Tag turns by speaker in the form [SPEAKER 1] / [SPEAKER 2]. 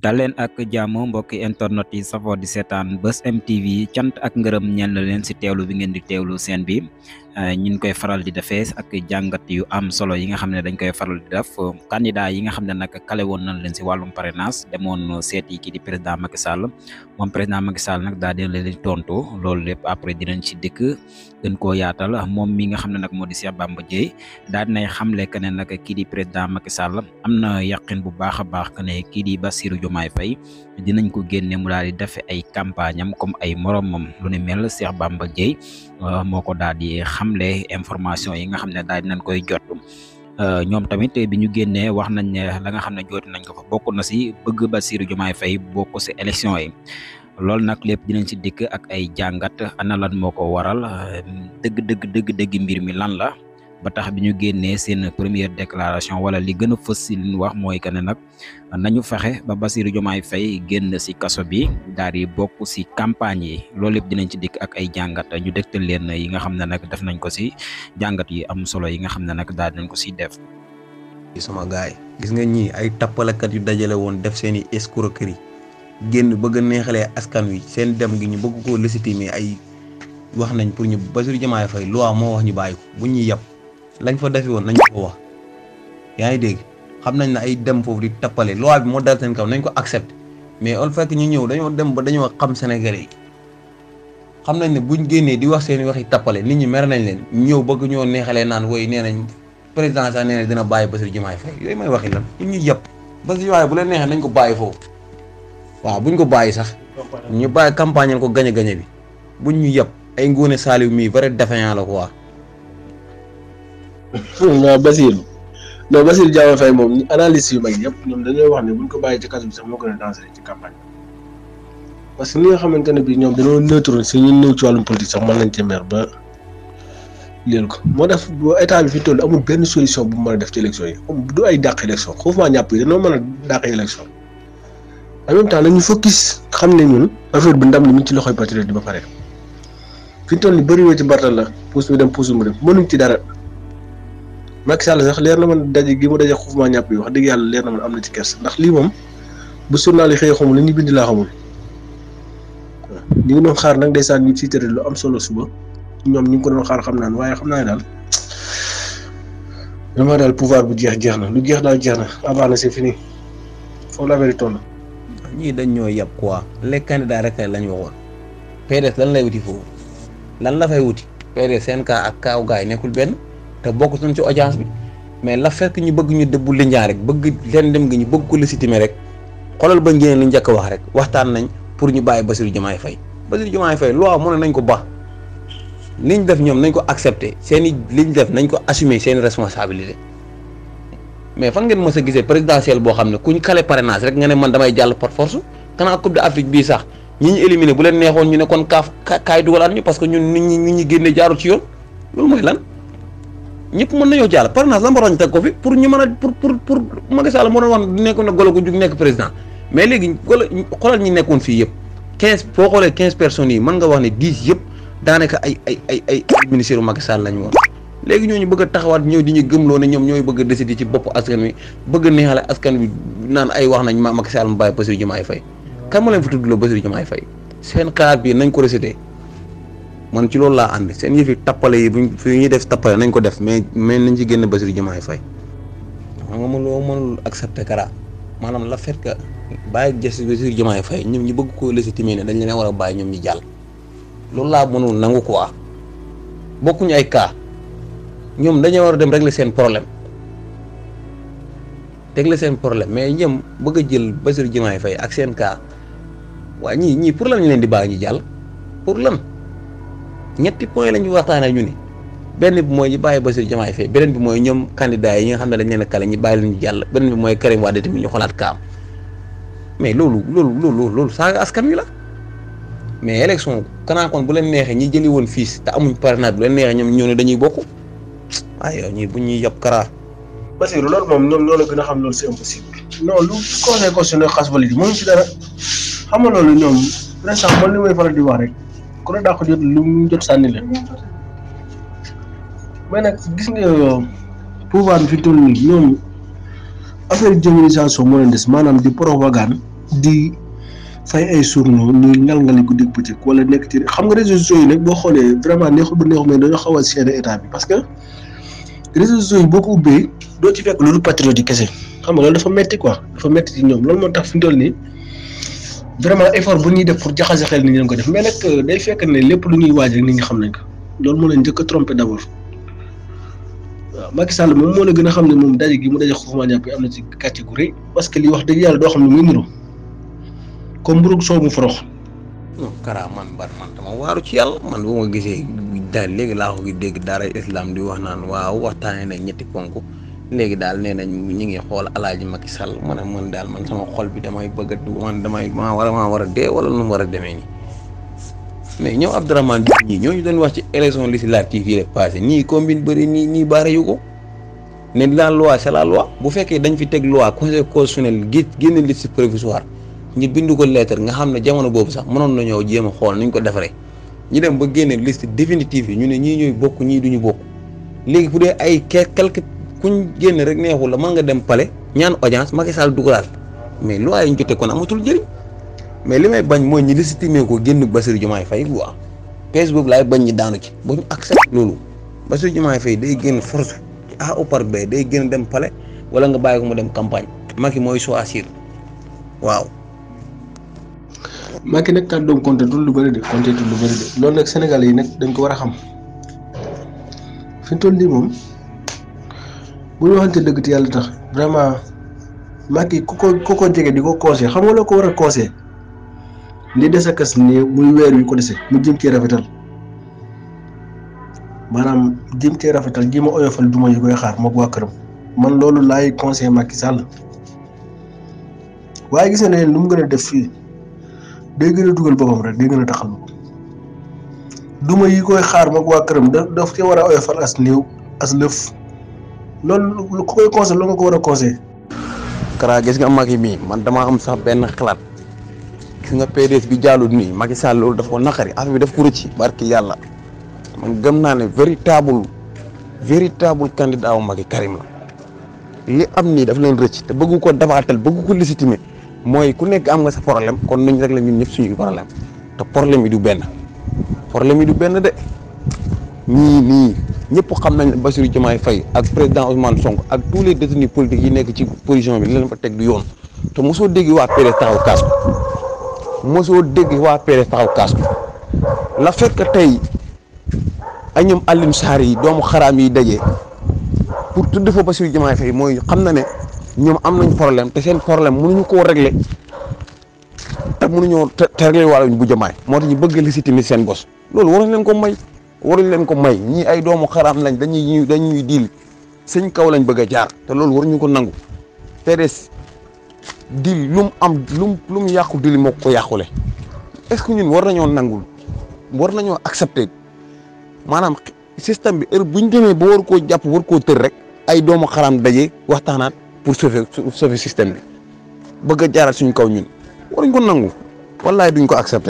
[SPEAKER 1] dalen ak jamo mbokk internet yi safo di setan Buzz mtv tiant cant ak ngeureum ñen la len si tewlu bi ngeen di tewlu sen bi eh, ñin koy faral di defes ak jangat yu am solo yi nga xamne dañ koy faral di def candidat yi nga xamne nak nag kale woon nañ len ci walum parrainage set yi ki di president Macky Sall mom president Macky Sall nag daa deen leen tonto lolou lepp après dinañ ci dekk gën ko yaatal mom mi nga xamne nak modi Cheikh Bamba Dièye da dinay xamle que nak ki di president Macky Sall amna na bu baax baax que ki di basirou Diomaye fay dinañ ko génne mu daal di defe ay campagne am comme ay moromam lu ne mel Cheikh Bamba Dièye euh, moo ko daal di xamle information yi nga xam ne daal dinañ koy jot euh, ñoom tamit bi ñu génnee wax nañ ne la nga xam ne jooti nañ ko fa bokk na si bëgg ba Bassirou Diomaye Faye bokk si élection yi loolu nag lépp dinañ si dikk ak ay jàngat ana lan moo ko waral dëgg dëgg dëgg dëgg mbir mi lan la ba tax bi ñu génnee seen première déclaration wala li gëna a fës si wax moy kané nak nañu fexe ba Bassirou Diomaye Fay génn ci kasso bi daal di bokk si campagne yi loolu yëpp dinañ ci dik ak ay jàngat ñu dégtal leen yi nga xamné nak def nañ ko ci jangat yi am solo yi nga xamné nak nag daal nañ ko ci def.
[SPEAKER 2] sama gaay gis nga ñi ay tappalakat yu dajalé won def seen escroquerie génn bëgg a askan wi seen dem gi ñu bëgg ko légitimer ay wax nañ pour ñu Bassirou Diomaye Fay loi mo wax ñu bayiko ko bu ñuy yàpp lañ fa defi woon nañ ko wax yaa ngi dégg xam nañ ne ay dem foofu di tappale loi bi moo dal seen kaw nañ ko accepté mais au fait ñu ñëw dañoo dem ba dañoo xam Sénégalais yi xam nañ ne buñ génnee di wax seen i waxi tappale nit ñi mer nañ leen ñëw bëgg ñoo neexalee naan woy nee nañ président sax nee na dina bàyyi Bassirou Diomaye Faye yooyu may waxi lan nit ñi yëpp Bassirou Diomaye bu leen neexee nañ ko bàyyi foofu waaw buñ ko bàyyi sax ñu bàyyi campagne ko gañ a gañ bi buñ ñu yëpp ay ngóone saaliw mii vrai défaillant la quoi waaw
[SPEAKER 3] Basirou non Basirou Diomaye Faye moom ñu analyste yu mag yëpp ñoom dañoo wax ne buñ ko bàyyi ci kaso bi sax moo gën a dangereux ci campagne parce que li nga xamante ne bii ñoom dañoo neutre si ñun ñëw ci wàllum politique sax mën nañ ci mer ba léegi ko moo def état bi fi toll amul benn solution bu mu mën a def ci élection yi du ay dàq élection xoofu maa ñàpp yi dañoo mën a dàq élection en même temps nañu focus xam ne ñun affaire bu ndam li mu ci loxoy patriote di ba pare fi ñu toll ni bëri woo ci bartal la puus bi dem puus mu dem mënuñ ci dara Macky Sall sax leer na man daje gi mu daje xufuma ñàpp bi wax dëgg yàlla leer na man am na ci kes ndax lii moom bu journal yi xëy xamul li ñu bind laa xamul waaw xaar nag ndeysaan ñu ci tëri lu am solo suba ñoom ñu ngi ko doon xaar xam naan waaye xam naa ne daal vraiment daal pouvoir bu jeex jeex na lu jeex daal jeex na avant na c'est fini foofu la affaire yi toll. ñii dañ ñoo yab quoi les daal rek lañ waxoon PDS lan lay wuti foofu
[SPEAKER 2] lan la fay wuti PDS seen kaa ak kaaw gaa yi nekkul benn. te bokkutoon ci audience bi mais la fekk ñu bëgg ñu dëbbu linjaa rek bëgg leen dem gi ñu bëgg ko légitimer rek xoolal ba ngeen li njëkk wax rek waxtaan nañ pour ñu bàyyi Bassirou Diomaye fay Bassirou Diomaye Faye loi mu ne nañ ko baax liñ def ñoom nañ ko accepter seen i liñ def nañ ko assumer seen responsabilité mais fan ngeen mës a gisee présidentielle boo xam ne kuñ kale parrainage rek nga ne man damay jàll par force xanaa sax ñi ñu éliminé bu leen neexoon ñu ne kon kaaf kaay dugalaat ñu parce que ñun nit ñi ñu génne jaarul ci yoon loolu mooy lan. ñépp mën nañoo jàll par exemple lan moo tax ñu teg ko fi pour ñu mën a pour pour pour Macky Sall moo doon wax nekkoon na golo gu jug nekk président mais léegi golo xoolal ñi nekkoon fii yëpp quinze boo xoolee quinze personnes yi mën nga wax ne dix yëpp daanaka ay ay ay ay ministère Macky Sall lañ woon léegi ñoo ñu bëgg taxawaat ñëw di ñu gëmloo ne ñoom ñooy bëgg a décider ci bopp askan wi bëgg a neexale askan wi naan ay wax nañ ma Macky Sall mu bàyyi Bassirou Diomaye Faye kan ma leen fa tuddloo Bassirou Diomaye Faye seen xalaat bi nañ ko rejeté man ci lool la and sen yefi tapale yi buñ fi def tapale nañ ko def mais mais nañ ci genn Bassirou Diomaye Faye xam nga ma lo mënul accepter kara manam la fait que jess bi Bassirou Diomaye fay ñoom ñi bëgg koo légitimer ne dañ leen wara a bàyyi ñi jall lool la mënu nangu quoi bokkuñu ay ka ñoom dañoo war a dem régler sen problème régler sen problème mais ñoom bëgg a jël Bassirou Diomaye fay ak sen ka wa ñi ñi pour lan ñu leen di bàyyi ñi jall pour lan ñetti point lañu waxtaanee ñu ni benn bi moy yi baye Bassirou jamaay fe benen bi moy ñom candidat yi nga xam dañ leen kala ñi baye lañu jall jàll bi moy Karim Wade tamit ñu xolaat kaam mais lolu lolu lolu lolu sa askan wi la mais élection kana kon bu leen neexee ñi jëli won fils ta amuñ parrainage bu leen neexee ñom ñoo dañuy bokk ay yow ñii bu ñuy yop
[SPEAKER 3] kara Bassirou lolu mom ñom ñoo la gëna xam lolu c'est impossible lolu non lu conseil constitutionnel xas valide mënuñ ci dara xam nga loolu ñoom président man li may faral di wax rek ku ne daa ko jot lu mu jot sànni leen mais nag gis nga pouvoir euh, bi fi toll nii ñoom affaire diabolisation moo leen des maanaam di propagande di fay ay journaux ñuy ngal-ngali ko dégg bëccëg wala nekk ci xam nga réseaux sociaux yi nag boo xoolee vraiment neexul ba neexul mais dañoo xaw a état bi parce que réseaux sociaux yi boo ko ubbee doo ci fekk loolu patriote yi kese xam nga loolu dafa metti quoi dafa metti ci ñoom loolu moo tax fi mu toll nii. vraiment effort bu ñuy def pour jaxase xel ni ñu ko def mais nak euh, day fekk ne lepp lu ñuy waaj rek nit ñi xam nañ ko lool mo leen jëk tromper d'abord Macky Sall mom mo la gëna a xam ne moom daje gi mu daje xofuma ñap am na ci kàcce gu reuy parce que li wax dëgg Yalla do xam ne muy niru comme buruk soobu mu forox
[SPEAKER 2] non kara man bar man dama waru ci Yalla man bu ma gisee dal léegi la ko gi dégg dara islam di wax naan waaw waxtane na ñetti ponku léegi daal nee nañ ñu ngi xool alaaji Macky Sall ma man daal man sama xol bi damay bëgg a man damay maa war a maa war a dee wala nu mu war a demee nii mais ñoom Abdourahmane Diouf ñii ñooñu doon wax ci élection législative yu ko ne la loi c'est la loi bu fekkee dañ fi teg loi conseil constitutionnel gi génn liste provisoire ñu bind ko lettre nga xam ne jamono boobu sax mënoon na ñëw jéem a xool nuñ ko defaree ñu dem ba génne liste définitive yi ñu ne ñii ñooy bokk ñii duñu bokk léegi bu dee ay quelques kuñ génn rek neexul la man nga dem palais ñaan audience Macky Sall dugalaat mais loi yi ñu jotee kon amatul njëriñ mais li may bañ mooy ñi légitimer ko génn Bassirou Diomaye fay quoi pees boobu laay bañ ñi daanu ci ba ñu accepté loolu Bassirou Diomaye fay day génn force A ou par B day génn dem pale wala nga bàyyi ko mu dem campagne Macky mooy choisir
[SPEAKER 3] waaw. Macky nag kàddoom compté du lu bëri de compté du lu bëri de loolu nag Sénégal yi nag dañ ko war a xam bu ñu waxante dëgg te yàlla tax vraiment Macky ku ko ku ko jege di ko conseil xam nga loo ko war a conseil li dese a kas nii muy weer wi ko dese mu jëm cee rafetal maanaam jëm cee rafetal ji ma oyofal duma yi koy xaar moog ko këram man loolu laay conseil Macky Sall waaye gis na ne lu mu gën a def fii day gën dugal boppam rek day gën a taxal duma koy xaar moog waa këram daf daf cee war a oyofal as néew as lëf. loolu lu koy conseil lu nga ko war a conseil
[SPEAKER 2] Kara gis nga Macky mii man damaa am sax benn xalaat ki nga PDS bi jàllul nii Macky Sall loolu daf ko naqari affaire bi daf ko rëcci barki yàlla man gëm naa ne véritable véritable candidat wu Macky Karim la lii am nii daf leen rëcc te bëggu ko dabaatal bëggu ko légitimer mooy ku nekk am nga sa problème kon nañ rek la ñun ñëpp suñu problème te problème yi du benn problème yi du benn de ñii nii ñëpp xam nañ Bassirou Diomaye Faye ak président Ousmane Sonko ak tous les détenus politiques yi nekk ci position bi leen fa teg du yoon te mosoo dégg waa PDS taxaw kaas ko mosoo dégg waa PDS taxaw kaas ko la fekk tey ay ñoom Alioune Sarr yi doomu xaraam yi daje pour tudd fa Bassirou Diomaye Faye mooy xam na ne ñoom am nañ problème te seen problème mënuñu koo régler te mënuñoo te régler wàlluñ bu Diomaye moo tax ñu bëgg liciter seen bos loolu waroon leen ko waruñ leen ko may ñii ay doomu xaraam lañ dañuy dañuy diil sëñ kaw lañ bëgg a jaar te loolu waruñu ko nangu te des dil lu mu am lum lu mu yàqu dil moo ko yàqule est-ce ñun war nañoo nangul war nañoo accepte maanaam système bi heure bu ñu demee ba war koo jàpp war koo tër rek ay doomu xaraam daje waxtaanaat pour sauver sauver système bi bëgg a jaaral suñ kaw ñun waruñ ko nangu wallaay duñ ko accepter